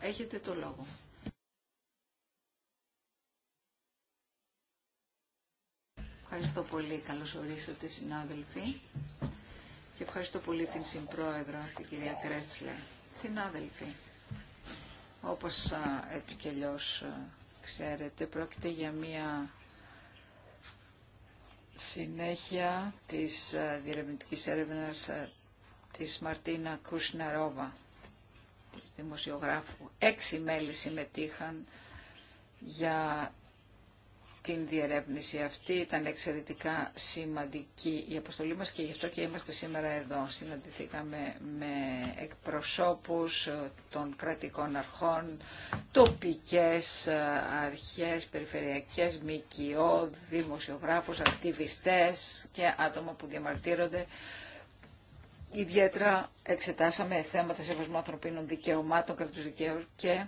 Έχετε το λόγο. Ευχαριστώ πολύ. Καλώς ορίσατε συνάδελφοι. Και ευχαριστώ πολύ την συμπρόεδρο, την κυρία Κρέτσλε. Συνάδελφοι, όπως έτσι και αλλιώς ξέρετε, πρόκειται για μία συνέχεια της διερευνητικής έρευνας της Μαρτίνα Κουσναρόβα δημοσιογράφου. Έξι μέλη συμμετείχαν για την διερεύνηση αυτή. Ήταν εξαιρετικά σημαντική η αποστολή μας και γι' αυτό και είμαστε σήμερα εδώ. Συναντηθήκαμε με εκπροσώπους των κρατικών αρχών, τοπικές αρχές, περιφερειακές, κοιό, δημοσιογράφους, ακτιβιστές και άτομα που διαμαρτύρονται Ιδιαίτερα εξετάσαμε θέματα σεβασμού ανθρωπίνων δικαιωμάτων, του δικαίου και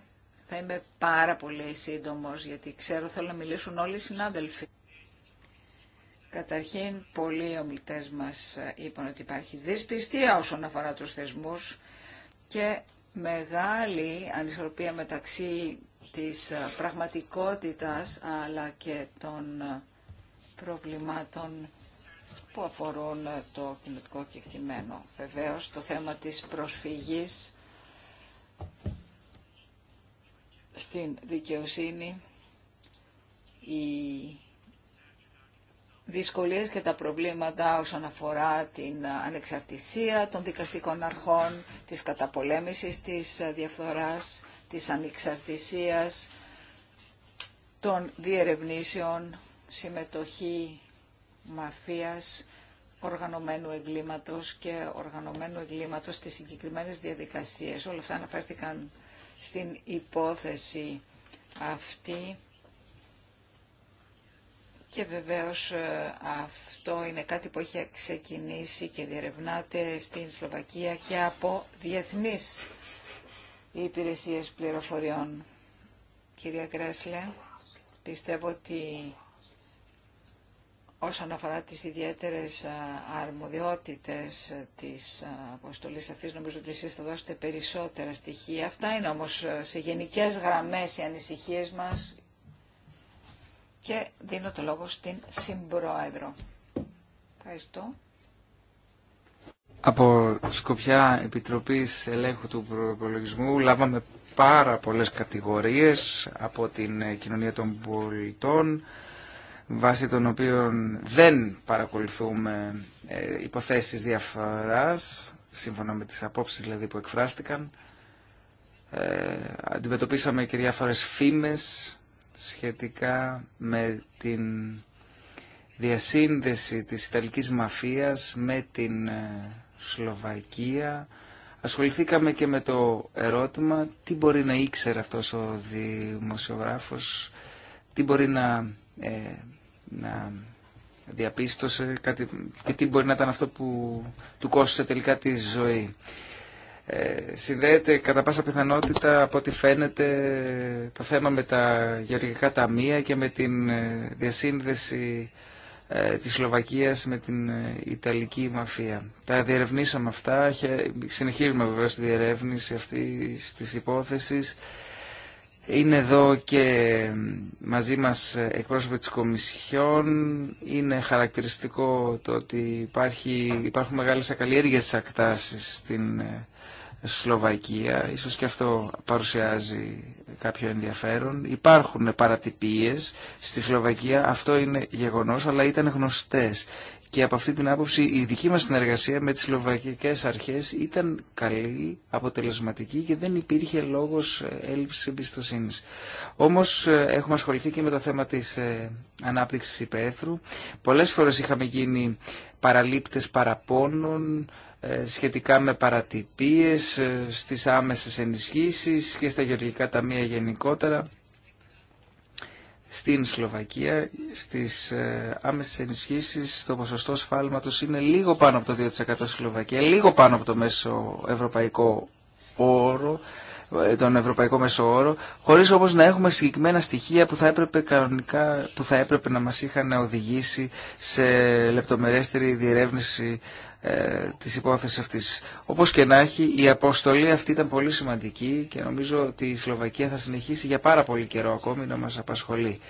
θα είμαι πάρα πολύ σύντομο γιατί ξέρω θέλω να μιλήσουν όλοι οι συνάδελφοι. Καταρχήν, πολλοί ομιλητέ μας είπαν ότι υπάρχει δυσπιστία όσον αφορά του θεσμού και μεγάλη ανισορροπία μεταξύ της πραγματικότητας αλλά και των προβλημάτων που αφορούν ε, το κοινωτικό κεκτημένο. Βεβαίως το θέμα της προσφυγής στην δικαιοσύνη, οι δυσκολίες και τα προβλήματα όσον αφορά την ε, ανεξαρτησία των δικαστικών αρχών, της καταπολέμησης της ε, διαφθοράς, της ανεξαρτησίας, των διερευνήσεων, συμμετοχή μαφίας, οργανωμένου εγκλήματος και οργανωμένου εγκλήματος στις συγκεκριμένες διαδικασίες. Όλα αυτά αναφέρθηκαν στην υπόθεση αυτή και βεβαίως ε, αυτό είναι κάτι που έχει ξεκινήσει και διερευνάται στην Σλοβακία και από διεθνείς υπηρεσίες πληροφοριών. Κυρία Γκρέσλε, πιστεύω ότι όσον αφορά τις ιδιαίτερες αρμοδιότητες της αποστολής αυτής, νομίζω ότι εσείς θα δώσετε περισσότερα στοιχεία. Αυτά είναι όμως σε γενικές γραμμές οι ανησυχίες μας και δίνω το λόγο στην Συμπρόεδρο. Ευχαριστώ. Από Σκοπιά Επιτροπής Ελέγχου του Προπολογισμού λάβαμε πάρα πολλές κατηγορίες από την ε, κοινωνία των πολιτών, βάσει των οποίων δεν παρακολουθούμε ε, υποθέσεις διαφοράς, σύμφωνα με τις απόψεις δηλαδή που εκφράστηκαν. Ε, αντιμετωπίσαμε και διάφορες φήμες σχετικά με την διασύνδεση της Ιταλικής μαφίας με την ε, Σλοβακία. Ασχοληθήκαμε και με το ερώτημα τι μπορεί να ήξερε αυτός ο δημοσιογράφος, τι μπορεί να ε, να διαπίστωσε κάτι, και τι μπορεί να ήταν αυτό που του κόστισε τελικά τη ζωή. Ε, συνδέεται κατά πάσα πιθανότητα από ό,τι φαίνεται το θέμα με τα γεωργικά ταμεία και με την ε, διασύνδεση ε, της Σλοβακίας με την ε, Ιταλική μαφία. Τα διερευνήσαμε αυτά, συνεχίζουμε βεβαίως τη διερεύνηση αυτή της υπόθεσης. Είναι εδώ και μαζί μας εκπρόσωποι της Κομισιόν. Είναι χαρακτηριστικό το ότι υπάρχει, υπάρχουν μεγάλες ακαλλιέργειες ακτάσης στην ε, Σλοβακία. Ίσως και αυτό παρουσιάζει κάποιο ενδιαφέρον. Υπάρχουν παρατυπίες στη Σλοβακία. Αυτό είναι γεγονός, αλλά ήταν γνωστές. Και από αυτή την άποψη η δική μας συνεργασία με τις λοβακικές αρχές ήταν καλή, αποτελεσματική και δεν υπήρχε λόγος ε, έλλειψης εμπιστοσύνη. Όμως ε, έχουμε ασχοληθεί και με το θέμα της ε, ανάπτυξης υπαίθρου. Πολλές φορές είχαμε γίνει παραλήπτες παραπώνων, σχετικά με παρατυπίες στις άμεσες ενισχύσεις και στα γεωργικά ταμεία γενικότερα στην Σλοβακία στις ε, άμεσες ενισχύσεις το ποσοστό σφάλματος είναι λίγο πάνω από το 2% στη Σλοβακία, λίγο πάνω από το μέσο ευρωπαϊκό όρο, ε, τον ευρωπαϊκό μέσο όρο, χωρίς όμως να έχουμε συγκεκριμένα στοιχεία που θα έπρεπε, κανονικά, που θα έπρεπε να μας είχαν οδηγήσει σε λεπτομερέστερη διερεύνηση ε, της υπόθεσης αυτής. Όπως και να έχει, η αποστολή αυτή ήταν πολύ σημαντική και νομίζω ότι η Σλοβακία θα συνεχίσει για πάρα πολύ καιρό ακόμη να μας απασχολεί.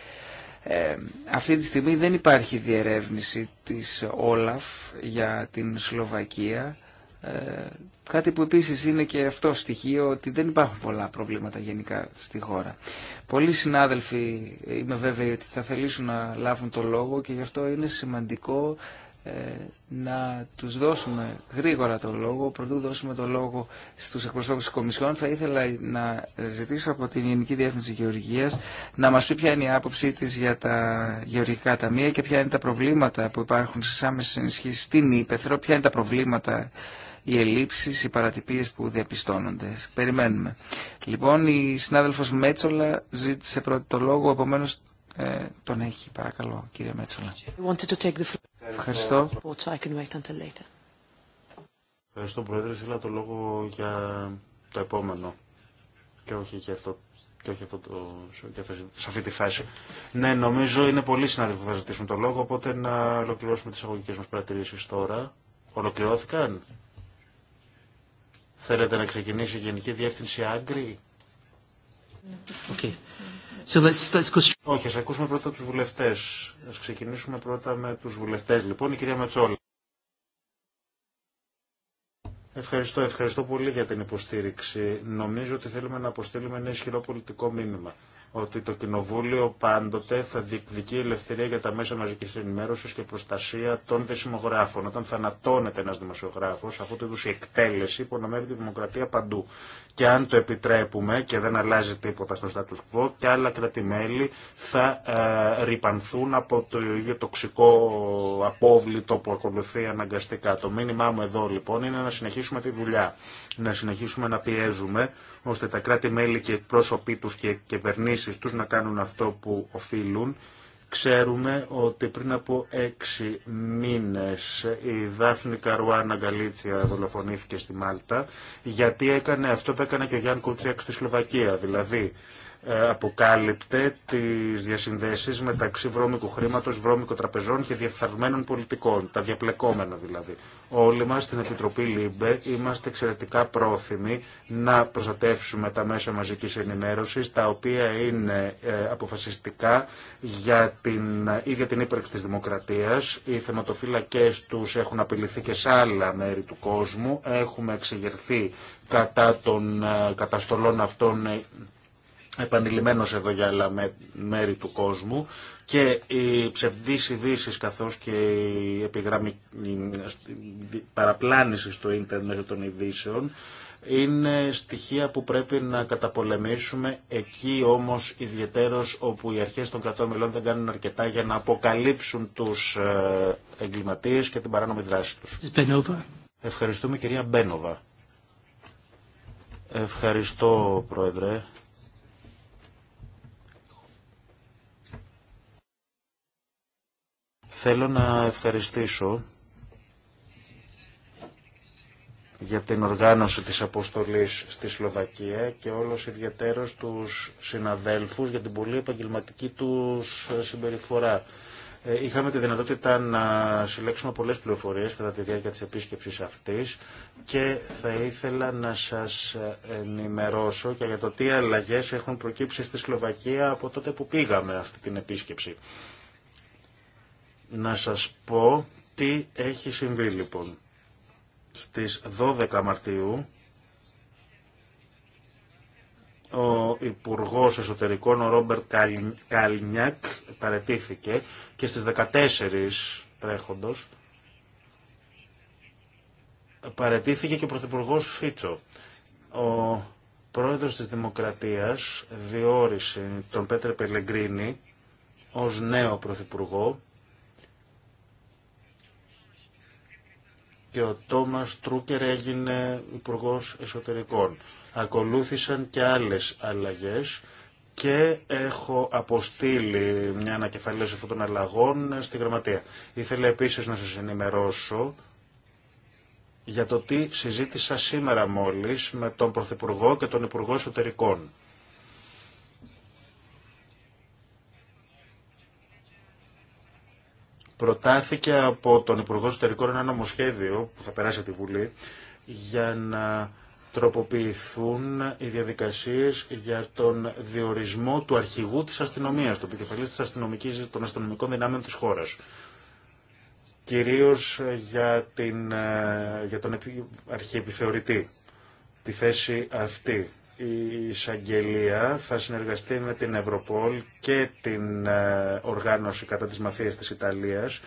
Ε, αυτή τη στιγμή δεν υπάρχει διερεύνηση της Όλαφ για την Σλοβακία. Ε, κάτι που επίση είναι και αυτό στοιχείο ότι δεν υπάρχουν πολλά προβλήματα γενικά στη χώρα. Πολλοί συνάδελφοι ε, είμαι βέβαιοι ότι θα θελήσουν να λάβουν το λόγο και γι' αυτό είναι σημαντικό ε, να τους δώσουμε γρήγορα το λόγο. Πρωτού δώσουμε το λόγο στους εκπροσώπους της Κομισιόν, θα ήθελα να ζητήσω από την Γενική Διεύθυνση Γεωργίας να μας πει ποια είναι η άποψή της για τα γεωργικά ταμεία και ποια είναι τα προβλήματα που υπάρχουν στις άμεσες ενισχύσεις στην Ήπεθρο, ποια είναι τα προβλήματα οι ελλείψει, οι παρατυπίε που διαπιστώνονται. Περιμένουμε. Λοιπόν, η συνάδελφος Μέτσολα ζήτησε πρώτο το λόγο, επομένω ε, τον έχει. Παρακαλώ, κύριε Μέτσολα. Ευχαριστώ. Ευχαριστώ, Πρόεδρε. Θέλω το λόγο για το επόμενο και όχι για αυτό και όχι αυτό το, σε αυτή τη φάση. Ναι, νομίζω είναι πολλοί συνάδελφοι που θα ζητήσουν το λόγο, οπότε να ολοκληρώσουμε τις αγωγικές μας παρατηρήσεις τώρα. Ολοκληρώθηκαν. Θέλετε να ξεκινήσει η Γενική Διεύθυνση Άγκρη. Okay. So let's, let's go... Όχι, ας ακούσουμε πρώτα τους βουλευτές. Ας ξεκινήσουμε πρώτα με τους βουλευτές. Λοιπόν, η κυρία Μετσόλη. Ευχαριστώ, ευχαριστώ πολύ για την υποστήριξη. Νομίζω ότι θέλουμε να αποστείλουμε ένα ισχυρό πολιτικό μήνυμα ότι το Κοινοβούλιο πάντοτε θα διεκδικεί ελευθερία για τα μέσα μαζικής ενημέρωσης και προστασία των δεσιμογράφων. Όταν θανατώνεται ένας δημοσιογράφος, αυτό το είδους η εκτέλεση υπονομεύει τη δημοκρατία παντού. Και αν το επιτρέπουμε και δεν αλλάζει τίποτα στο status quo, και άλλα κρατημέλη θα ε, ρηπανθούν από το ίδιο τοξικό απόβλητο που ακολουθεί αναγκαστικά. Το μήνυμά μου εδώ λοιπόν είναι να συνεχίσουμε τη δουλειά, να συνεχίσουμε να πιέζουμε ώστε τα κράτη-μέλη και οι πρόσωποι τους και κυβερνήσει κυβερνήσεις τους να κάνουν αυτό που οφείλουν. Ξέρουμε ότι πριν από έξι μήνες η Δάφνη Καρουάνα Γκαλίτσια δολοφονήθηκε στη Μάλτα γιατί έκανε αυτό που έκανε και ο Γιάνν Κουτσέκ στη Σλοβακία. Δηλαδή ε, αποκάλυπτε τις διασυνδέσεις μεταξύ βρώμικου χρήματος, βρώμικων τραπεζών και διεφθαρμένων πολιτικών, τα διαπλεκόμενα δηλαδή. Όλοι μας στην Επιτροπή ΛΥΜΠΕ είμαστε εξαιρετικά πρόθυμοι να προστατεύσουμε τα μέσα μαζικής ενημέρωσης, τα οποία είναι ε, αποφασιστικά για την ίδια την ύπαρξη της δημοκρατίας. Οι θεματοφύλακές τους έχουν απειληθεί και σε άλλα μέρη του κόσμου. Έχουμε εξεγερθεί κατά των ε, καταστολών αυτών επανειλημμένος εδώ για άλλα μέρη του κόσμου και οι ψευδείς ειδήσει καθώς και η παραπλάνηση στο ίντερνετ των ειδήσεων είναι στοιχεία που πρέπει να καταπολεμήσουμε εκεί όμως ιδιαίτερος όπου οι αρχές των κρατών μελών δεν κάνουν αρκετά για να αποκαλύψουν τους ε, εγκληματίες και την παράνομη δράση τους. Ευχαριστούμε κυρία Μπένοβα. Ευχαριστώ πρόεδρε. Θέλω να ευχαριστήσω για την οργάνωση της αποστολής στη Σλοβακία και όλος ιδιαίτερους τους συναδέλφους για την πολύ επαγγελματική τους συμπεριφορά. Ε, είχαμε τη δυνατότητα να συλλέξουμε πολλές πληροφορίες κατά τη διάρκεια της επίσκεψης αυτής και θα ήθελα να σας ενημερώσω και για το τι αλλαγές έχουν προκύψει στη Σλοβακία από τότε που πήγαμε αυτή την επίσκεψη. Να σας πω τι έχει συμβεί λοιπόν. Στις 12 Μαρτίου ο Υπουργός Εσωτερικών ο Ρόμπερτ Καλνιακ, παρετήθηκε και στις 14 τρέχοντος παρετήθηκε και ο Πρωθυπουργός Φίτσο. Ο πρόεδρος της Δημοκρατίας διόρισε τον Πέτρε Πελεγκρίνη ως νέο πρωθυπουργό και ο Τόμας Τρούκερ έγινε υπουργό Εσωτερικών. Ακολούθησαν και άλλες αλλαγές και έχω αποστείλει μια ανακεφαλής αυτών των αλλαγών στη Γραμματεία. Ήθελα επίσης να σας ενημερώσω για το τι συζήτησα σήμερα μόλις με τον Πρωθυπουργό και τον Υπουργό Εσωτερικών. προτάθηκε από τον Υπουργό Εσωτερικών ένα νομοσχέδιο που θα περάσει από τη Βουλή για να τροποποιηθούν οι διαδικασίες για τον διορισμό του αρχηγού της αστυνομίας, του επικεφαλής της αστυνομικής, των αστυνομικών δυνάμεων της χώρας. Κυρίως ε, για, την, ε, για τον αρχιεπιθεωρητή, τη θέση αυτή η εισαγγελία θα συνεργαστεί με την Ευρωπόλ και την ε, οργάνωση κατά της μαφίας της Ιταλίας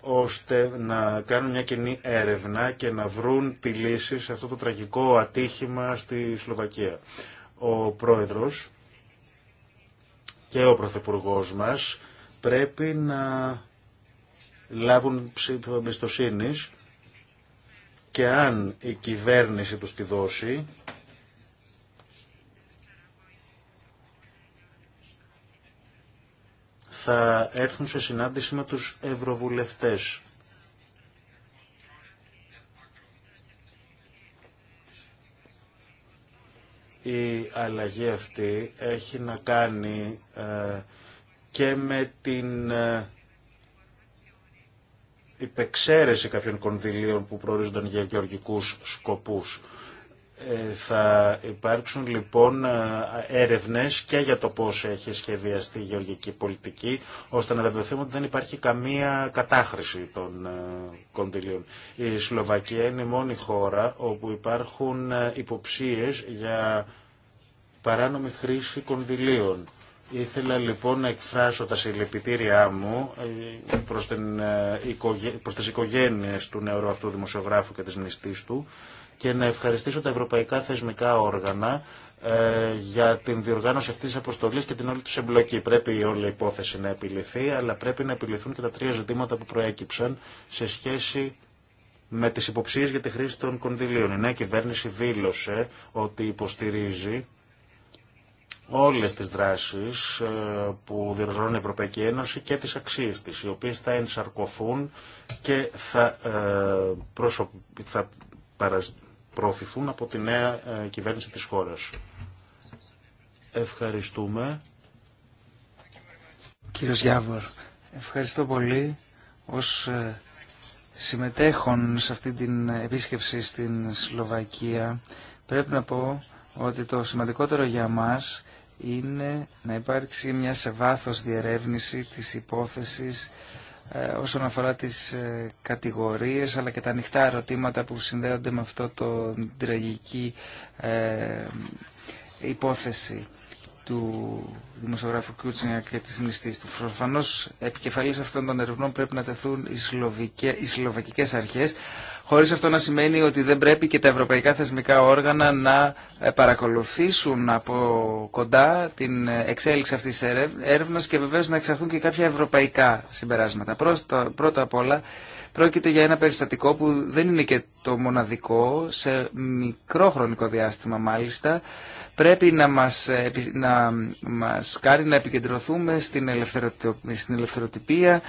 ώστε να κάνουν μια κοινή έρευνα και να βρουν τη λύση σε αυτό το τραγικό ατύχημα στη Σλοβακία. Ο πρόεδρος και ο πρωθυπουργός μας πρέπει να λάβουν εμπιστοσύνη και αν η κυβέρνηση τους τη δώσει θα έρθουν σε συνάντηση με τους ευρωβουλευτές. Η αλλαγή αυτή έχει να κάνει ε, και με την ε, υπεξαίρεση κάποιων κονδυλίων που προορίζονταν για γεωργικούς σκοπούς. Ε, θα υπάρξουν λοιπόν ε, έρευνες και για το πώς έχει σχεδιαστεί η γεωργική πολιτική, ώστε να βεβαιωθούμε ότι δεν υπάρχει καμία κατάχρηση των ε, κοντιλίων. Η Σλοβακία είναι η μόνη χώρα όπου υπάρχουν υποψίες για παράνομη χρήση κοντιλίων. Ήθελα λοιπόν να εκφράσω τα συλληπιτήριά μου προς, την, προς τις οικογένειες του νεωρού αυτού δημοσιογράφου και της νηστής του, και να ευχαριστήσω τα ευρωπαϊκά θεσμικά όργανα ε, για την διοργάνωση αυτής της αποστολής και την όλη του εμπλοκή. Πρέπει η όλη υπόθεση να επιληθεί, αλλά πρέπει να επιληθούν και τα τρία ζητήματα που προέκυψαν σε σχέση με τις υποψίες για τη χρήση των κονδυλίων. Η νέα κυβέρνηση δήλωσε ότι υποστηρίζει όλες τις δράσεις ε, που διοργανώνει η Ευρωπαϊκή Ένωση και τις αξίες της, οι οποίες θα ενσαρκωθούν και θα, ε, προσωπ... θα προωθηθούν από τη νέα ε, κυβέρνηση της χώρας. Ευχαριστούμε. Κύριος Γιάβορ, ευχαριστώ πολύ ως ε, συμμετέχον σε αυτή την επίσκεψη στην Σλοβακία. Πρέπει να πω ότι το σημαντικότερο για μας είναι να υπάρξει μια σε βάθος διερεύνηση της υπόθεσης ε, όσον αφορά τις ε, κατηγορίες αλλά και τα ανοιχτά ερωτήματα που συνδέονται με αυτό το τραγική ε, υπόθεση του δημοσιογράφου Κιούτσινια και της μνηστής του. Προφανώς επικεφαλής αυτών των ερευνών πρέπει να τεθούν οι, οι σλοβακικές αρχές χωρίς αυτό να σημαίνει ότι δεν πρέπει και τα ευρωπαϊκά θεσμικά όργανα να ε, παρακολουθήσουν από κοντά την ε, εξέλιξη αυτής της έρευνας και βεβαίως να εξαρθούν και κάποια ευρωπαϊκά συμπεράσματα. Πρώτα, πρώτα απ' όλα πρόκειται για ένα περιστατικό που δεν είναι και το μοναδικό, σε μικρό χρονικό διάστημα μάλιστα, πρέπει να μας, ε, να μας κάνει να επικεντρωθούμε στην, ελευθεροτυπία,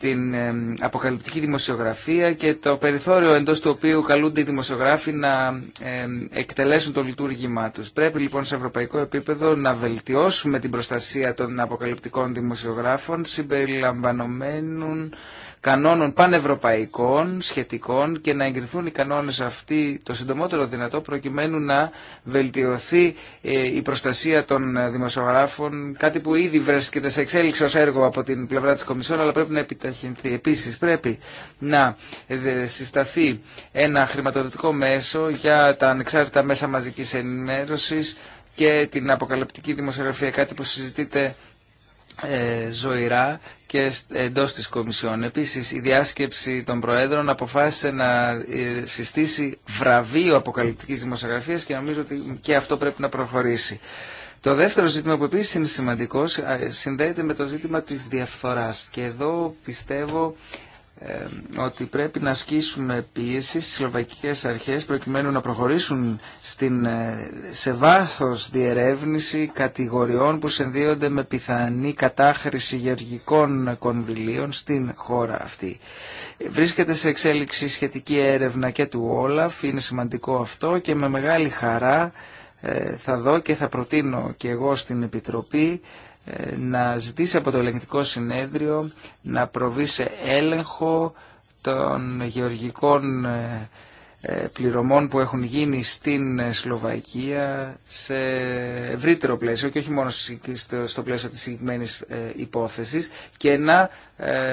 την ε, αποκαλυπτική δημοσιογραφία και το περιθώριο εντός του οποίου καλούνται οι δημοσιογράφοι να ε, εκτελέσουν το λειτουργήμά τους. Πρέπει λοιπόν σε ευρωπαϊκό επίπεδο να βελτιώσουμε την προστασία των αποκαλυπτικών δημοσιογράφων συμπεριλαμβανομένων κανόνων πανευρωπαϊκών σχετικών και να εγκριθούν οι κανόνες αυτοί το συντομότερο δυνατό προκειμένου να βελτιωθεί ε, η προστασία των δημοσιογράφων κάτι που ήδη βρίσκεται σε εξέλιξη ως έργο από την πλευρά της Κομισιόν αλλά πρέπει να επιταχυνθεί. Επίσης πρέπει να ε, συσταθεί ένα χρηματοδοτικό μέσο για τα ανεξάρτητα μέσα μαζικής ενημέρωσης και την αποκαλυπτική δημοσιογραφία, κάτι που συζητείται ε, ζωηρά και εντό της Κομισιόν. Επίση, η διάσκεψη των Προέδρων αποφάσισε να ε, συστήσει βραβείο αποκαλυπτική δημοσιογραφία και νομίζω ότι και αυτό πρέπει να προχωρήσει. Το δεύτερο ζήτημα που επίσης είναι σημαντικό συνδέεται με το ζήτημα της διαφθοράς και εδώ πιστεύω ε, ότι πρέπει να ασκήσουμε πίεση στις σλοβακικές αρχές προκειμένου να προχωρήσουν στην, ε, σε βάθος διερεύνηση κατηγοριών που συνδύονται με πιθανή κατάχρηση γεωργικών κονδυλίων στην χώρα αυτή. Βρίσκεται σε εξέλιξη σχετική έρευνα και του Όλαφ, είναι σημαντικό αυτό και με μεγάλη χαρά ε, θα δω και θα προτείνω και εγώ στην Επιτροπή να ζητήσει από το ελεγκτικό συνέδριο να προβεί σε έλεγχο των γεωργικών ε, ε, πληρωμών που έχουν γίνει στην ε, Σλοβακία σε ευρύτερο πλαίσιο και όχι μόνο στο πλαίσιο της συγκεκριμένη ε, υπόθεσης και να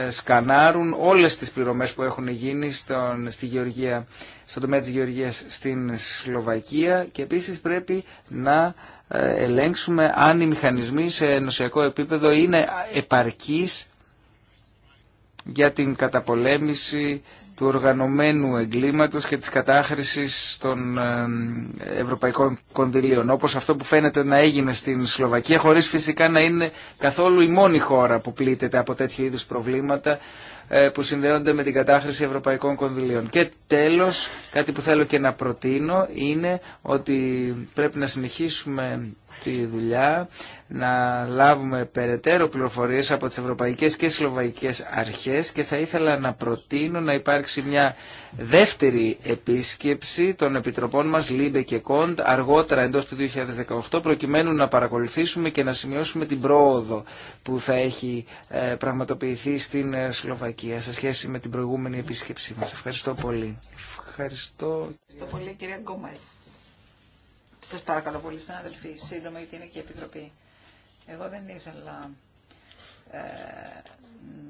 σκανάρουν όλες τις πληρωμές που έχουν γίνει στον, στη γεωργία, στον τομέα της γεωργίας στην Σλοβακία και επίσης πρέπει να ελέγξουμε αν οι μηχανισμοί σε ενωσιακό επίπεδο είναι επαρκείς για την καταπολέμηση του οργανωμένου εγκλήματος και της κατάχρησης των ε, ευρωπαϊκών κονδυλίων. Όπως αυτό που φαίνεται να έγινε στην Σλοβακία, χωρίς φυσικά να είναι καθόλου η μόνη χώρα που πλήττεται από τέτοιου είδους προβλήματα ε, που συνδέονται με την κατάχρηση ευρωπαϊκών κονδυλίων. Και τέλος, κάτι που θέλω και να προτείνω είναι ότι πρέπει να συνεχίσουμε τη δουλειά να λάβουμε περαιτέρω πληροφορίες από τις ευρωπαϊκές και σλοβαϊκές αρχές και θα ήθελα να προτείνω να υπάρξει μια δεύτερη επίσκεψη των επιτροπών μας Λίμπε και Κοντ αργότερα εντός του 2018 προκειμένου να παρακολουθήσουμε και να σημειώσουμε την πρόοδο που θα έχει ε, πραγματοποιηθεί στην ε, Σλοβακία σε σχέση με την προηγούμενη επίσκεψή μας. Ευχαριστώ πολύ. Ευχαριστώ. Ευχαριστώ πολύ κυρία Γκόμες. Σας παρακαλώ πολύ συνάδελφοι, σύντομα γιατί είναι και η Επιτροπή. Εγώ δεν ήθελα ε,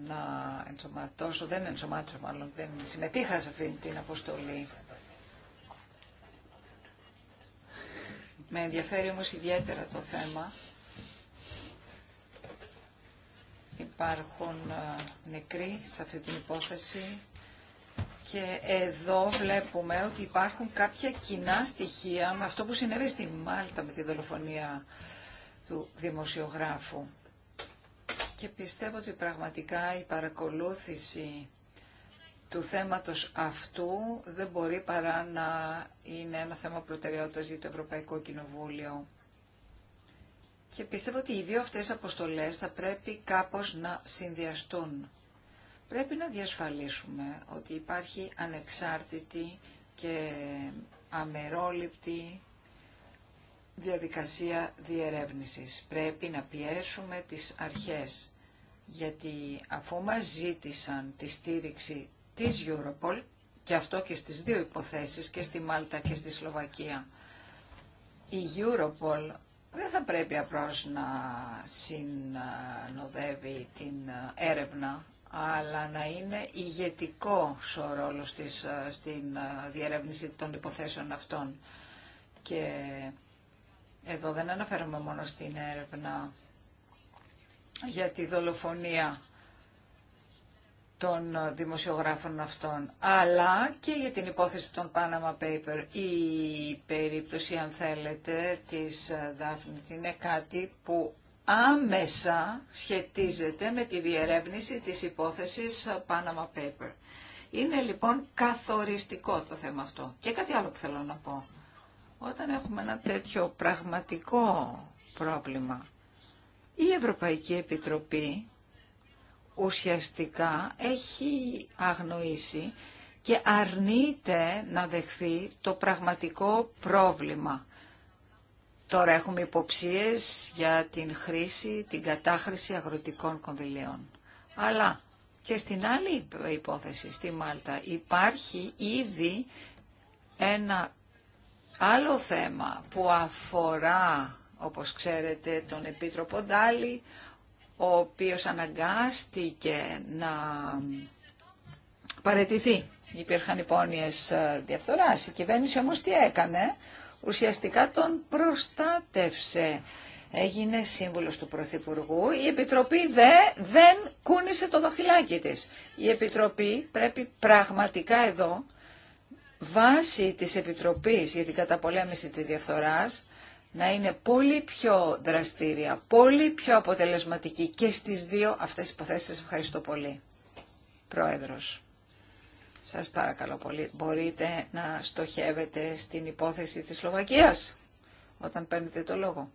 να ενσωματώσω, δεν ενσωμάτωσα μάλλον, δεν συμμετείχα σε αυτή την αποστολή. Με ενδιαφέρει όμως ιδιαίτερα το θέμα. Υπάρχουν ε, νεκροί σε αυτή την υπόθεση και εδώ βλέπουμε ότι υπάρχουν κάποια κοινά στοιχεία με αυτό που συνέβη στη Μάλτα με τη δολοφονία του δημοσιογράφου. Και πιστεύω ότι πραγματικά η παρακολούθηση του θέματος αυτού δεν μπορεί παρά να είναι ένα θέμα προτεραιότητας για το Ευρωπαϊκό Κοινοβούλιο. Και πιστεύω ότι οι δύο αυτές αποστολές θα πρέπει κάπως να συνδυαστούν. Πρέπει να διασφαλίσουμε ότι υπάρχει ανεξάρτητη και αμερόληπτη διαδικασία διερεύνησης. Πρέπει να πιέσουμε τις αρχές, γιατί αφού μας ζήτησαν τη στήριξη της Europol, και αυτό και στις δύο υποθέσεις, και στη Μάλτα και στη Σλοβακία, η Europol δεν θα πρέπει απλώς να συνοδεύει την έρευνα, αλλά να είναι ηγετικό ο ρόλος της στην διερεύνηση των υποθέσεων αυτών. Και εδώ δεν αναφέρομαι μόνο στην έρευνα για τη δολοφονία των δημοσιογράφων αυτών, αλλά και για την υπόθεση των Panama Paper. Η περίπτωση, αν θέλετε, της Δάφνη είναι κάτι που άμεσα σχετίζεται με τη διερεύνηση της υπόθεσης Panama Paper. Είναι λοιπόν καθοριστικό το θέμα αυτό. Και κάτι άλλο που θέλω να πω. Όταν έχουμε ένα τέτοιο πραγματικό πρόβλημα, η Ευρωπαϊκή Επιτροπή ουσιαστικά έχει αγνοήσει και αρνείται να δεχθεί το πραγματικό πρόβλημα. Τώρα έχουμε υποψίες για την χρήση, την κατάχρηση αγροτικών κονδυλίων. Αλλά και στην άλλη υπόθεση, στη Μάλτα, υπάρχει ήδη ένα Άλλο θέμα που αφορά, όπως ξέρετε, τον Επίτροπο Ντάλι, ο οποίος αναγκάστηκε να παρετηθεί. Υπήρχαν υπόνοιες ε, διαφθοράς. Η κυβέρνηση όμως τι έκανε. Ουσιαστικά τον προστάτευσε. Έγινε σύμβουλος του Πρωθυπουργού. Η Επιτροπή δε, δεν κούνησε το δαχτυλάκι της. Η Επιτροπή πρέπει πραγματικά εδώ βάση της Επιτροπής για την καταπολέμηση της διαφθοράς να είναι πολύ πιο δραστήρια, πολύ πιο αποτελεσματική και στις δύο αυτές τις υποθέσεις. Σας ευχαριστώ πολύ. Πρόεδρος, σας παρακαλώ πολύ, μπορείτε να στοχεύετε στην υπόθεση της Σλοβακίας όταν παίρνετε το λόγο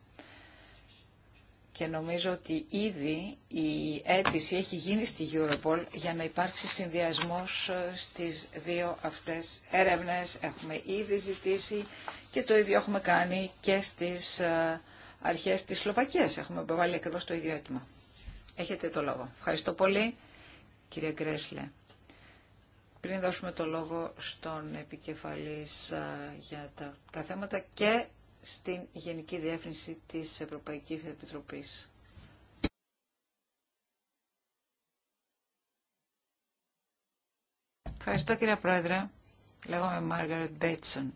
και νομίζω ότι ήδη η αίτηση έχει γίνει στη Europol για να υπάρξει συνδυασμός ε, στις δύο αυτές έρευνες. Έχουμε ήδη ζητήσει και το ίδιο έχουμε κάνει και στις ε, αρχές της Σλοβακίας. Έχουμε βάλει ακριβώ το ίδιο αίτημα. Έχετε το λόγο. Ευχαριστώ πολύ, κύριε Γκρέσλε. Πριν δώσουμε το λόγο στον επικεφαλής ε, για τα θέματα και στην Γενική Διεύθυνση της Ευρωπαϊκής Επιτροπής. Ευχαριστώ κύριε Πρόεδρε. Λέγομαι Μάργαρετ Μπέτσον.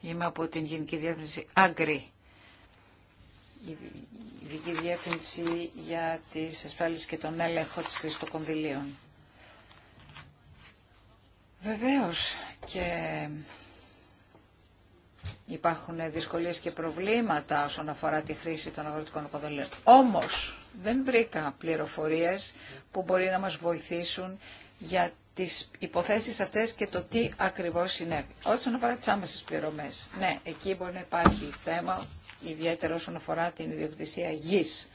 Είμαι από την Γενική Διεύθυνση Άγκρη. Η Ειδική Διεύθυνση για τις ασφάλειες και τον έλεγχο της Χριστοκονδυλίων. Βεβαίως και Υπάρχουν δυσκολίες και προβλήματα όσον αφορά τη χρήση των αγροτικών οικοδομών. Όμως δεν βρήκα πληροφορίες που μπορεί να μας βοηθήσουν για τις υποθέσεις αυτές και το τι ακριβώς συνέβη. Όσον αφορά τις άμεσες πληρωμές, ναι, εκεί μπορεί να υπάρχει θέμα, ιδιαίτερα όσον αφορά την ιδιοκτησία γης.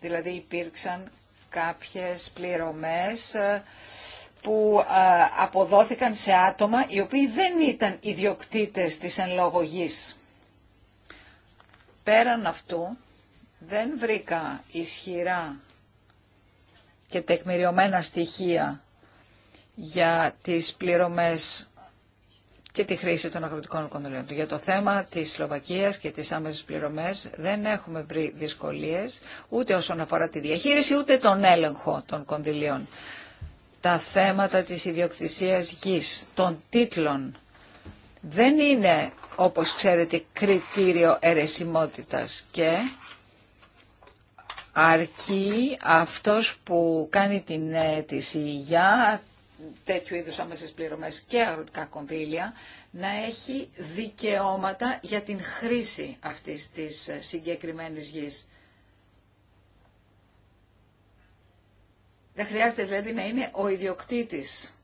Δηλαδή υπήρξαν κάποιες πληρωμές ε, που ε, αποδόθηκαν σε άτομα οι οποίοι δεν ήταν ιδιοκτήτες της εν λόγω γης. Πέραν αυτού δεν βρήκα ισχυρά και τεκμηριωμένα στοιχεία για τις πληρωμές και τη χρήση των αγροτικών κονδυλίων. Για το θέμα της Σλοβακίας και τις άμεσες πληρωμές δεν έχουμε βρει δυσκολίες ούτε όσον αφορά τη διαχείριση ούτε τον έλεγχο των κονδυλίων τα θέματα της ιδιοκτησίας γης, των τίτλων, δεν είναι, όπως ξέρετε, κριτήριο αιρεσιμότητας και αρκεί αυτός που κάνει την αίτηση για τέτοιου είδους άμεσες πληρωμές και αγροτικά κονδύλια να έχει δικαιώματα για την χρήση αυτής της συγκεκριμένης γης. Δεν χρειάζεται δηλαδή να είναι ο ιδιοκτήτης.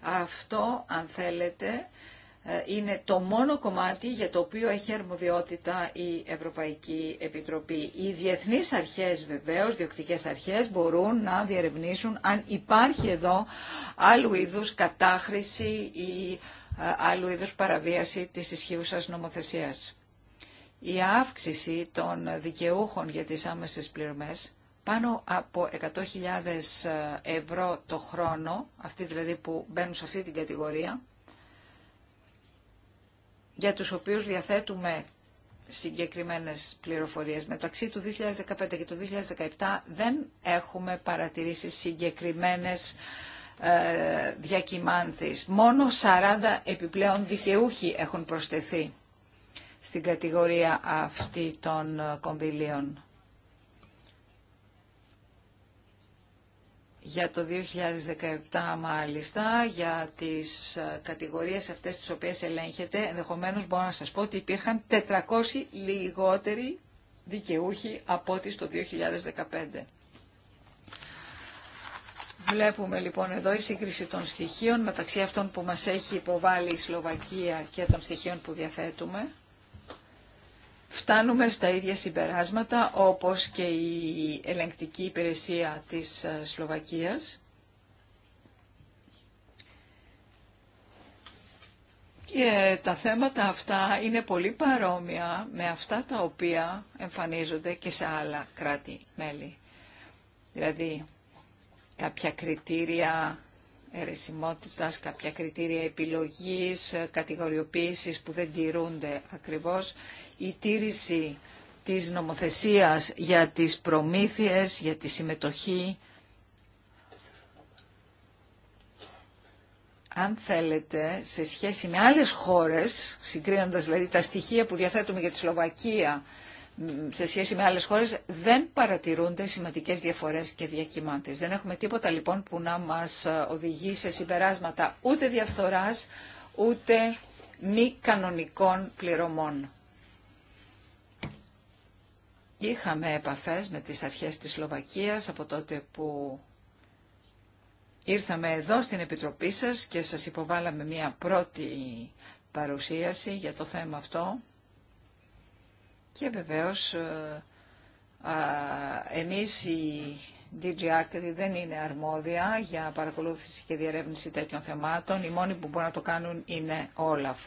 Αυτό, αν θέλετε, ε, είναι το μόνο κομμάτι για το οποίο έχει αρμοδιότητα η Ευρωπαϊκή Επιτροπή. Οι διεθνείς αρχές βεβαίως, διοκτικές αρχές, μπορούν να διερευνήσουν αν υπάρχει εδώ άλλου είδους κατάχρηση ή ε, άλλου είδους παραβίαση της ισχύουσας νομοθεσίας. Η αύξηση των δικαιούχων για τις άμεσες πληρωμές πάνω από 100.000 ε, ευρώ το χρόνο, αυτοί δηλαδή που μπαίνουν σε αυτή την κατηγορία, για τους οποίους διαθέτουμε συγκεκριμένες πληροφορίες. Μεταξύ του 2015 και του 2017 δεν έχουμε παρατηρήσει συγκεκριμένες ε, διακυμάνθεις. Μόνο 40 επιπλέον δικαιούχοι έχουν προσθεθεί στην κατηγορία αυτή των ε, κονδυλίων. για το 2017 μάλιστα, για τις ε, κατηγορίες αυτές τις οποίες ελέγχεται, ενδεχομένως μπορώ να σας πω ότι υπήρχαν 400 λιγότεροι δικαιούχοι από ό,τι στο 2015. Βλέπουμε λοιπόν εδώ η σύγκριση των στοιχείων μεταξύ αυτών που μας έχει υποβάλει η Σλοβακία και των στοιχείων που διαθέτουμε φτάνουμε στα ίδια συμπεράσματα όπως και η ελεγκτική υπηρεσία της ε, Σλοβακίας. Και τα θέματα αυτά είναι πολύ παρόμοια με αυτά τα οποία εμφανίζονται και σε άλλα κράτη-μέλη. Δηλαδή, κάποια κριτήρια αιρεσιμότητας, κάποια κριτήρια επιλογής, ε, κατηγοριοποίησης που δεν τηρούνται ακριβώς η τήρηση της νομοθεσίας για τις προμήθειες, για τη συμμετοχή. Αν θέλετε, σε σχέση με άλλες χώρες, συγκρίνοντας δηλαδή τα στοιχεία που διαθέτουμε για τη Σλοβακία, σε σχέση με άλλες χώρες δεν παρατηρούνται σημαντικές διαφορές και διακυμάνσεις. Δεν έχουμε τίποτα λοιπόν που να μας ε, οδηγεί σε συμπεράσματα ούτε διαφθοράς ούτε μη κανονικών πληρωμών. Είχαμε επαφές με τις αρχές της Σλοβακίας από τότε που ήρθαμε εδώ στην Επιτροπή σας και σας υποβάλαμε μια πρώτη παρουσίαση για το θέμα αυτό. Και βεβαίως ε, εμείς οι DJ δεν είναι αρμόδια για παρακολούθηση και διερεύνηση τέτοιων θεμάτων. Οι μόνοι που μπορούν να το κάνουν είναι Όλαφ.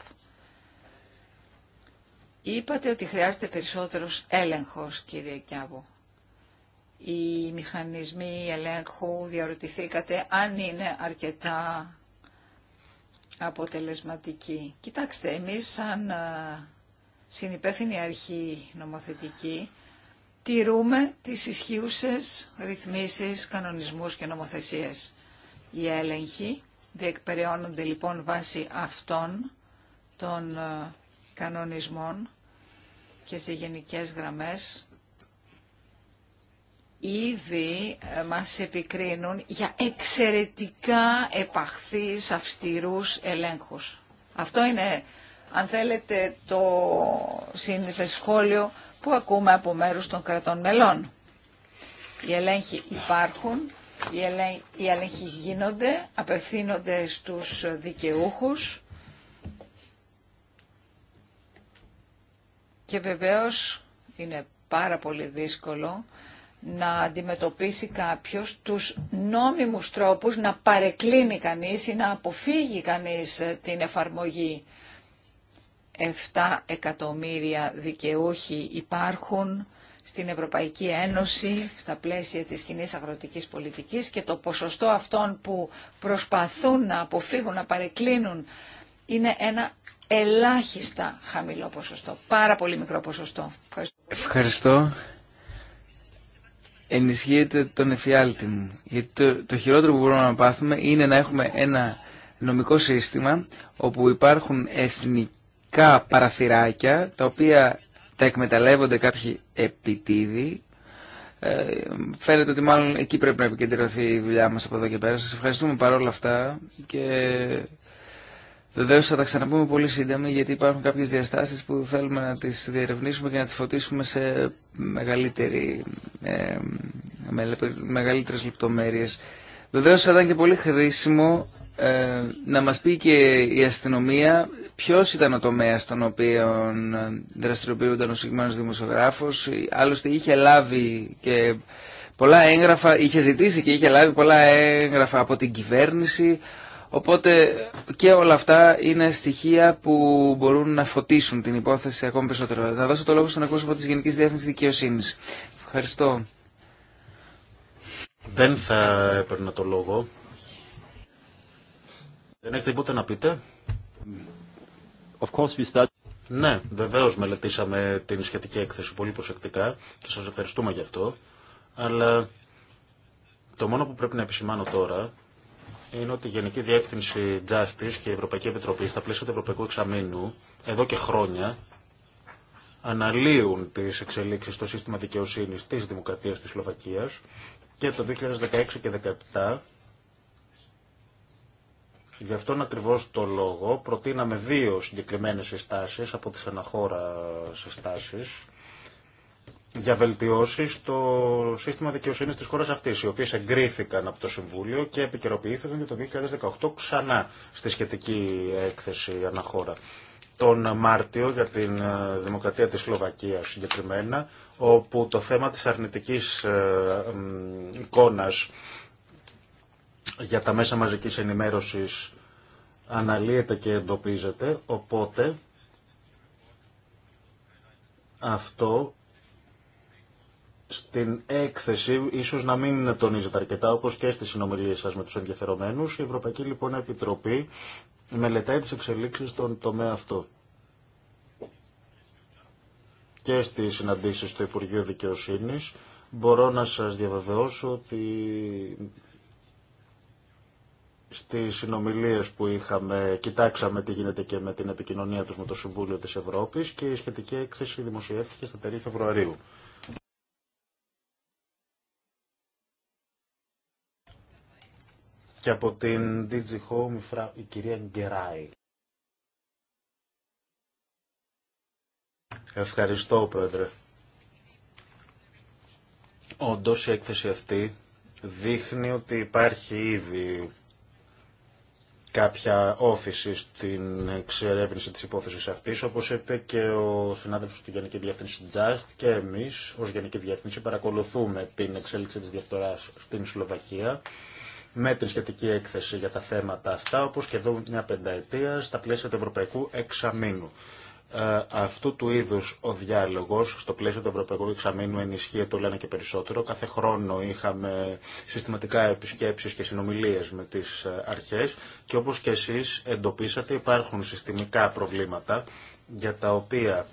Είπατε ότι χρειάζεται περισσότερος έλεγχος, κύριε Κιάβο. Οι μηχανισμοί ελέγχου διαρωτηθήκατε αν είναι αρκετά αποτελεσματικοί. Κοιτάξτε, εμείς σαν συνυπεύθυνη αρχή νομοθετική τηρούμε τις ισχύουσες ρυθμίσεις, κανονισμούς και νομοθεσίες. Οι έλεγχοι διεκπεραιώνονται λοιπόν βάσει αυτών των κανονισμών και σε γενικές γραμμές ήδη ε, μας επικρίνουν για εξαιρετικά επαχθείς αυστηρούς ελέγχους. Αυτό είναι, αν θέλετε, το σύνθεση σχόλιο που ακούμε από μέρους των κρατών μελών. Οι ελέγχοι υπάρχουν, οι ελέγχοι γίνονται, απευθύνονται στους δικαιούχους Και βεβαίως είναι πάρα πολύ δύσκολο να αντιμετωπίσει κάποιος τους νόμιμους τρόπους να παρεκκλίνει κανείς ή να αποφύγει κανείς ε, την εφαρμογή. 7 εκατομμύρια δικαιούχοι υπάρχουν στην Ευρωπαϊκή Ένωση στα πλαίσια της κοινή αγροτικής πολιτικής και το ποσοστό αυτών που προσπαθούν να αποφύγουν, να παρεκκλίνουν είναι ένα ελάχιστα χαμηλό ποσοστό, πάρα πολύ μικρό ποσοστό. Ευχαριστώ. Ευχαριστώ. Ενισχύεται τον εφιάλτη μου. Γιατί το, το χειρότερο που μπορούμε να πάθουμε είναι να έχουμε ένα νομικό σύστημα όπου υπάρχουν εθνικά παραθυράκια τα οποία τα εκμεταλλεύονται κάποιοι επιτίδοι. Ε, φαίνεται ότι μάλλον εκεί πρέπει να επικεντρωθεί η δουλειά μας από εδώ και πέρα. Σας ευχαριστούμε παρόλα αυτά και Βεβαίω θα τα ξαναπούμε πολύ σύντομα γιατί υπάρχουν κάποιε διαστάσει που θέλουμε να τι διερευνήσουμε και να τι φωτίσουμε σε μεγαλύτερη, ε, με μεγαλύτερε λεπτομέρειε. Βεβαίω θα ήταν και πολύ χρήσιμο ε, να μας πει και η αστυνομία ποιος ήταν ο τομέας στον οποίο ε, δραστηριοποιούνταν ο συγκεκριμένο δημοσιογράφος. Άλλωστε είχε λάβει και πολλά έγγραφα, είχε ζητήσει και είχε λάβει πολλά έγγραφα από την κυβέρνηση, Οπότε και όλα αυτά είναι στοιχεία που μπορούν να φωτίσουν την υπόθεση ακόμη περισσότερο. Να δώσω το λόγο στον εκπρόσωπο τη γενική Διεύθυνση δικαιοσύνη. Ευχαριστώ. Δεν θα έπαιρνα το λόγο. Δεν έχετε τίποτα να πείτε. Of course we start... Ναι, βεβαίω μελετήσαμε την σχετική έκθεση πολύ προσεκτικά και σα ευχαριστούμε γι' αυτό. Αλλά το μόνο που πρέπει να επισημάνω τώρα είναι ότι η Γενική Διεύθυνση Justice και η Ευρωπαϊκή Επιτροπή στα πλαίσια του Ευρωπαϊκού Εξαμήνου εδώ και χρόνια αναλύουν τις εξελίξεις στο σύστημα δικαιοσύνης της Δημοκρατίας της Σλοβακίας και το 2016 και 2017 Γι' αυτόν ακριβώς το λόγο προτείναμε δύο συγκεκριμένες συστάσεις από τις αναχώρα συστάσεις για βελτιώσει στο σύστημα δικαιοσύνη τη χώρα αυτή, οι οποίε εγκρίθηκαν από το Συμβούλιο και επικαιροποιήθηκαν για το 2018 ξανά στη σχετική έκθεση αναχώρα. Τον Μάρτιο για την ε, Δημοκρατία της Σλοβακίας συγκεκριμένα, όπου το θέμα της αρνητικής ε, εικόνας για τα μέσα μαζικής ενημέρωσης αναλύεται και εντοπίζεται, οπότε αυτό στην έκθεση, ίσω να μην τονίζεται αρκετά, όπω και στι συνομιλίε σα με του ενδιαφερομένους, η Ευρωπαϊκή λοιπόν Επιτροπή μελετάει τι εξελίξει στον τομέα αυτό. Και στι συναντήσεις του Υπουργείου Δικαιοσύνη. μπορώ να σα διαβεβαιώσω ότι στις συνομιλίες που είχαμε, κοιτάξαμε τι γίνεται και με την επικοινωνία τους με το Συμβούλιο της Ευρώπης και η σχετική έκθεση δημοσιεύτηκε στα περί Φεβρουαρίου. και από την DG Home η κυρία Γκεράη. Ευχαριστώ, Πρόεδρε. Όντω η έκθεση αυτή δείχνει ότι υπάρχει ήδη κάποια όθηση στην εξερεύνηση της υπόθεσης αυτής, όπως είπε και ο συνάδελφος του Γενική Διεύθυνση Τζάστ και εμείς ως Γενική Διεύθυνση παρακολουθούμε την εξέλιξη της διαφθοράς στην Σλοβακία με την σχετική έκθεση για τα θέματα αυτά, όπως και εδώ μια πενταετία στα πλαίσια του Ευρωπαϊκού Εξαμήνου. Ε, αυτού του είδους ο διάλογος στο πλαίσιο του Ευρωπαϊκού Εξαμήνου ενισχύει το λένε και περισσότερο. Κάθε χρόνο είχαμε συστηματικά επισκέψεις και συνομιλίες με τις ε, αρχές και όπως και εσείς εντοπίσατε υπάρχουν συστημικά προβλήματα για τα οποία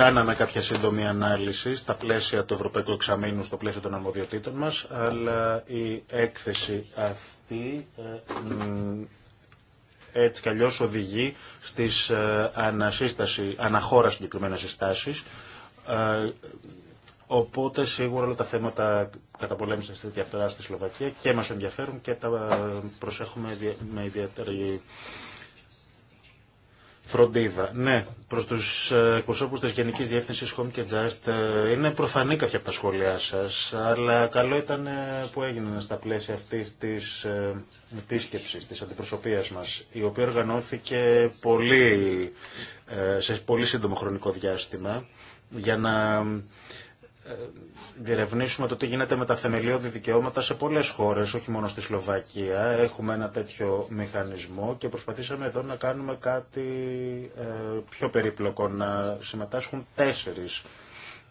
Κάναμε κάποια σύντομη ανάλυση στα πλαίσια του Ευρωπαϊκού Εξαμήνου, στο πλαίσιο των αρμοδιοτήτων μας, αλλά η έκθεση αυτή ε, έτσι κι αλλιώς οδηγεί στις ε, ανασύσταση, αναχώρα συγκεκριμένα συστάσεις, ε, Οπότε σίγουρα όλα τα θέματα καταπολέμησης της διαφθορά στη Σλοβακία και μας ενδιαφέρουν και τα προσέχουμε με ιδιαίτερη Φροντίδα. Ναι, προ του ε, εκπροσώπου τη Γενική Διεύθυνση Home και Just ε, είναι προφανή κάποια από τα σχόλιά σα, αλλά καλό ήταν ε, που έγιναν στα πλαίσια αυτή τη επίσκεψη, τη αντιπροσωπεία μα, η οποία οργανώθηκε πολύ, σε πολύ σύντομο χρονικό διάστημα για να ε, διερευνήσουμε το τι γίνεται με τα θεμελιώδη δικαιώματα σε πολλές χώρες, όχι μόνο στη Σλοβακία. Έχουμε ένα τέτοιο μηχανισμό και προσπαθήσαμε εδώ να κάνουμε κάτι ε, πιο περίπλοκο, να συμμετάσχουν τέσσερις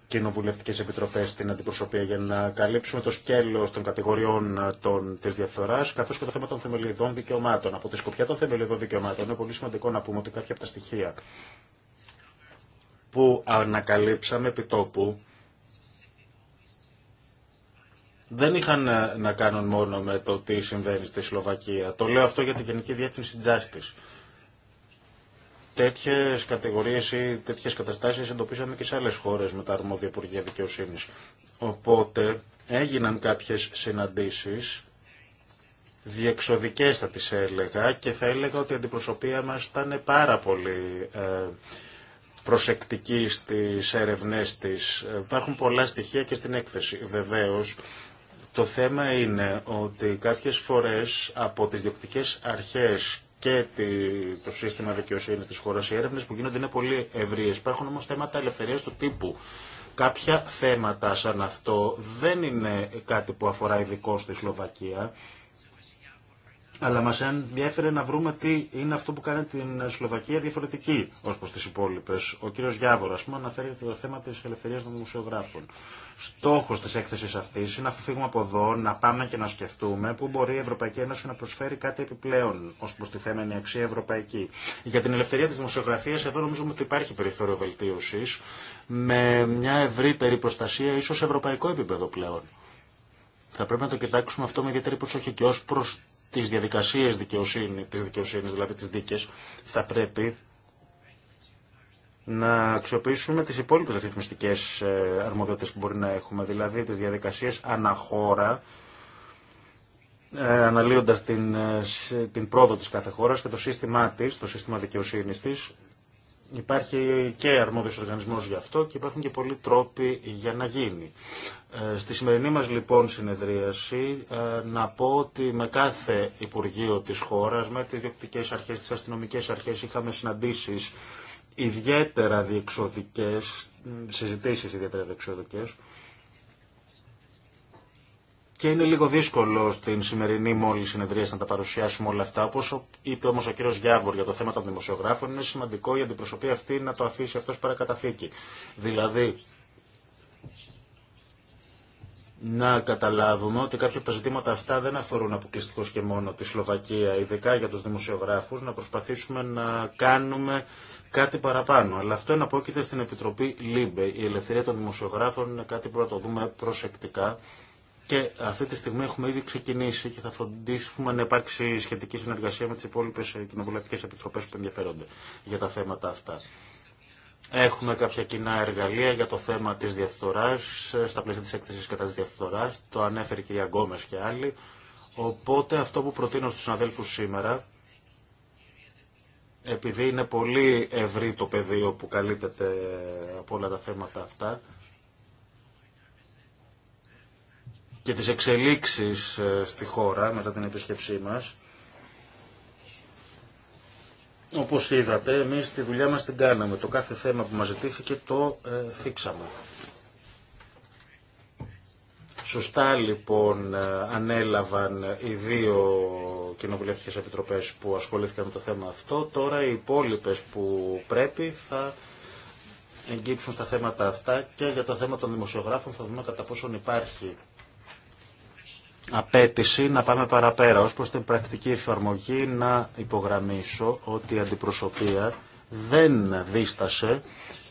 κοινοβουλευτικέ επιτροπέ στην αντιπροσωπεία για να καλύψουμε το σκέλο των κατηγοριών ε, τη της διαφθοράς καθώς και το θέμα των θεμελιωδών δικαιωμάτων. Από τη σκοπιά των θεμελιωδών δικαιωμάτων είναι πολύ σημαντικό να πούμε ότι κάποια από τα στοιχεία που ανακαλύψαμε επί τόπου δεν είχαν ε, να κάνουν μόνο με το τι συμβαίνει στη Σλοβακία. Το λέω αυτό για την Γενική Διεύθυνση Justice. Τέτοιε κατηγορίε ή τέτοιε καταστάσει εντοπίσαμε και σε άλλε χώρε με τα αρμόδια Υπουργεία Δικαιοσύνη. Οπότε έγιναν κάποιε συναντήσει, διεξοδικέ θα τι έλεγα, και θα έλεγα ότι η αντιπροσωπεία μα ήταν πάρα πολύ ε, προσεκτική στι ερευνέ τη. Υπάρχουν πολλά στοιχεία και στην έκθεση. βεβαίω. Το θέμα είναι ότι κάποιες φορές από τις διοκτικές αρχές και το σύστημα δικαιοσύνη της χώρας, οι έρευνες που γίνονται είναι πολύ ευρείες. Υπάρχουν όμως θέματα ελευθερίας του τύπου. Κάποια θέματα σαν αυτό δεν είναι κάτι που αφορά ειδικό στη Σλοβακία, αλλά μα ενδιέφερε να βρούμε τι είναι αυτό που κάνει την Σλοβακία διαφορετική ω προ τι υπόλοιπε. Ο κύριο κύριος α πούμε, αναφέρει το θέμα τη ελευθερία των δημοσιογράφων. Στόχο τη έκθεσης αυτή είναι να φύγουμε από εδώ, να πάμε και να σκεφτούμε πού μπορεί η Ευρωπαϊκή Ένωση να προσφέρει κάτι επιπλέον ω προ τη θέμενη αξία ευρωπαϊκή. Για την ελευθερία τη δημοσιογραφία, εδώ νομίζουμε ότι υπάρχει περιθώριο βελτίωση με μια ευρύτερη προστασία ίσω σε ευρωπαϊκό επίπεδο πλέον. Θα πρέπει να το κοιτάξουμε αυτό με ιδιαίτερη προσοχή και ω προ τις διαδικασίες δικαιοσύνη, τις δικαιοσύνης, δηλαδή τις δίκε, θα πρέπει να αξιοποιήσουμε τις υπόλοιπε ρυθμιστικέ ε, αρμοδιότητες που μπορεί να έχουμε, δηλαδή τι διαδικασίες αναχώρα, ε, αναλύοντας την, ε, την πρόοδο τη κάθε χώρα και το σύστημά τη, το σύστημα δικαιοσύνη τη. Υπάρχει και αρμόδιος οργανισμός για αυτό και υπάρχουν και πολλοί τρόποι για να γίνει. Ε, στη σημερινή μας λοιπόν συνεδρίαση ε, να πω ότι με κάθε Υπουργείο της χώρας, με τις διοκτικές αρχές, τις αστυνομικές αρχές είχαμε συναντήσεις ιδιαίτερα διεξοδικές, συζητήσεις ιδιαίτερα διεξοδικές και είναι λίγο δύσκολο στην σημερινή μόλι συνεδρία να τα παρουσιάσουμε όλα αυτά. Όπω είπε όμω ο κύριο Γιάβορ για το θέμα των δημοσιογράφων, είναι σημαντικό η αντιπροσωπεία αυτή να το αφήσει αυτό παρακαταθήκη. Δηλαδή, να καταλάβουμε ότι κάποια από τα ζητήματα αυτά δεν αφορούν αποκλειστικώ και μόνο τη Σλοβακία, ειδικά για του δημοσιογράφου, να προσπαθήσουμε να κάνουμε κάτι παραπάνω. Αλλά αυτό εναπόκειται στην Επιτροπή ΛΥΜΠΕ. Η ελευθερία των δημοσιογράφων είναι κάτι που να το δούμε προσεκτικά και αυτή τη στιγμή έχουμε ήδη ξεκινήσει και θα φροντίσουμε να υπάρξει σχετική συνεργασία με τι υπόλοιπε κοινοβουλευτικέ επιτροπέ που ενδιαφέρονται για τα θέματα αυτά. Έχουμε κάποια κοινά εργαλεία για το θέμα της διαφθοράς, ε, στα πλαίσια της έκθεσης κατά της διαφθοράς, το ανέφερε η κυρία Γκόμες και άλλοι. Οπότε αυτό που προτείνω στους αδέλφους σήμερα, επειδή είναι πολύ ευρύ το πεδίο που καλύπτεται από όλα τα θέματα αυτά, και τις εξελίξεις ε, στη χώρα μετά την επίσκεψή μας. Όπως είδατε, εμείς τη δουλειά μας την κάναμε. Το κάθε θέμα που μας ζητήθηκε το ε, θίξαμε. Σωστά λοιπόν ε, ανέλαβαν οι δύο κοινοβουλευτικές επιτροπές που ασχολήθηκαν με το θέμα αυτό. Τώρα οι υπόλοιπε που πρέπει θα εγκύψουν στα θέματα αυτά και για το θέμα των δημοσιογράφων θα δούμε κατά πόσον υπάρχει απέτηση να πάμε παραπέρα. Ως προς την πρακτική εφαρμογή να υπογραμμίσω ότι η αντιπροσωπεία δεν δίστασε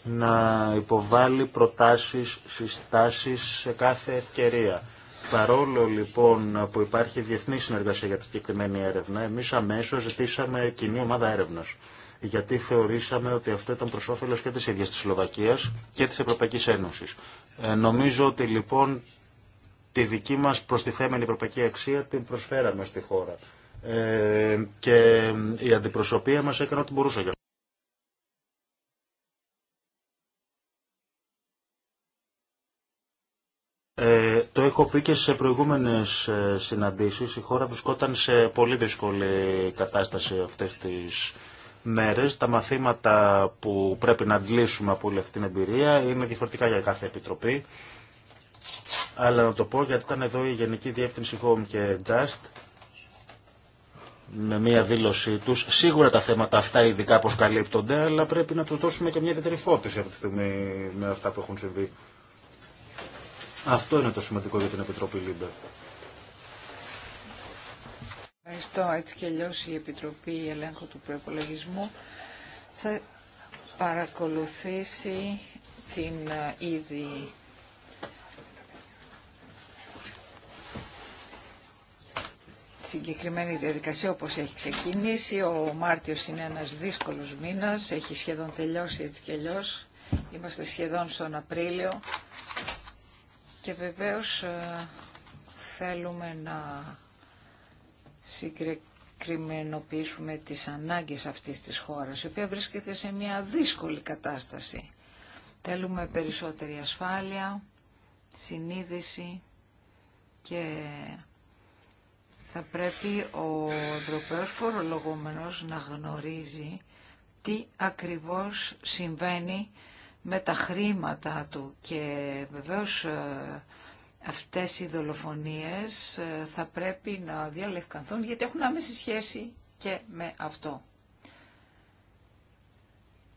να υποβάλει προτάσεις, συστάσεις σε κάθε ευκαιρία. Παρόλο λοιπόν που υπάρχει διεθνή συνεργασία για τη συγκεκριμένη έρευνα, εμείς αμέσως ζητήσαμε κοινή ομάδα έρευνας. Γιατί θεωρήσαμε ότι αυτό ήταν προς όφελος και της ίδιας της Σλοβακίας και της Ευρωπαϊκής Ένωσης. Ε, νομίζω ότι λοιπόν τη δική μας προστιθέμενη ευρωπαϊκή αξία την προσφέραμε στη χώρα. Ε, και η αντιπροσωπεία μας έκανε ό,τι μπορούσε για Ε, το έχω πει και σε προηγούμενες ε, συναντήσεις. Η χώρα βρισκόταν σε πολύ δύσκολη κατάσταση αυτές τις μέρες. Τα μαθήματα που πρέπει να αντλήσουμε από όλη αυτή την εμπειρία είναι διαφορετικά για κάθε επιτροπή αλλά να το πω γιατί ήταν εδώ η Γενική Διεύθυνση Home και Just με μία δήλωσή τους. Σίγουρα τα θέματα αυτά ειδικά πως αλλά πρέπει να του δώσουμε και μια ιδιαίτερη φώτιση αυτή τη στιγμή με αυτά που έχουν συμβεί. Αυτό είναι το σημαντικό για την Επιτροπή Λίμπερ. Ευχαριστώ. Έτσι και αλλιώς η Επιτροπή Ελέγχου του Προπολογισμού θα παρακολουθήσει την ε, ήδη συγκεκριμένη διαδικασία όπως έχει ξεκινήσει. Ο Μάρτιος είναι ένας δύσκολος μήνας, έχει σχεδόν τελειώσει έτσι και αλλιώ. Είμαστε σχεδόν στον Απρίλιο και βεβαίως ε, θέλουμε να συγκεκριμενοποιήσουμε τις ανάγκες αυτής της χώρας, η οποία βρίσκεται σε μια δύσκολη κατάσταση. Θέλουμε περισσότερη ασφάλεια, συνείδηση και θα πρέπει ο Ευρωπαίος Φορολογούμενος να γνωρίζει τι ακριβώς συμβαίνει με τα χρήματα του και βεβαίως ε, αυτές οι δολοφονίες ε, θα πρέπει να διαλευκανθούν γιατί έχουν άμεση σχέση και με αυτό.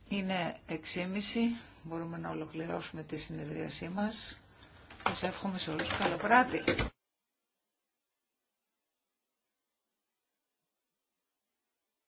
Είναι 6.30, μπορούμε να ολοκληρώσουμε τη συνεδρίασή μας. Σας εύχομαι σε όλους καλό βράδυ.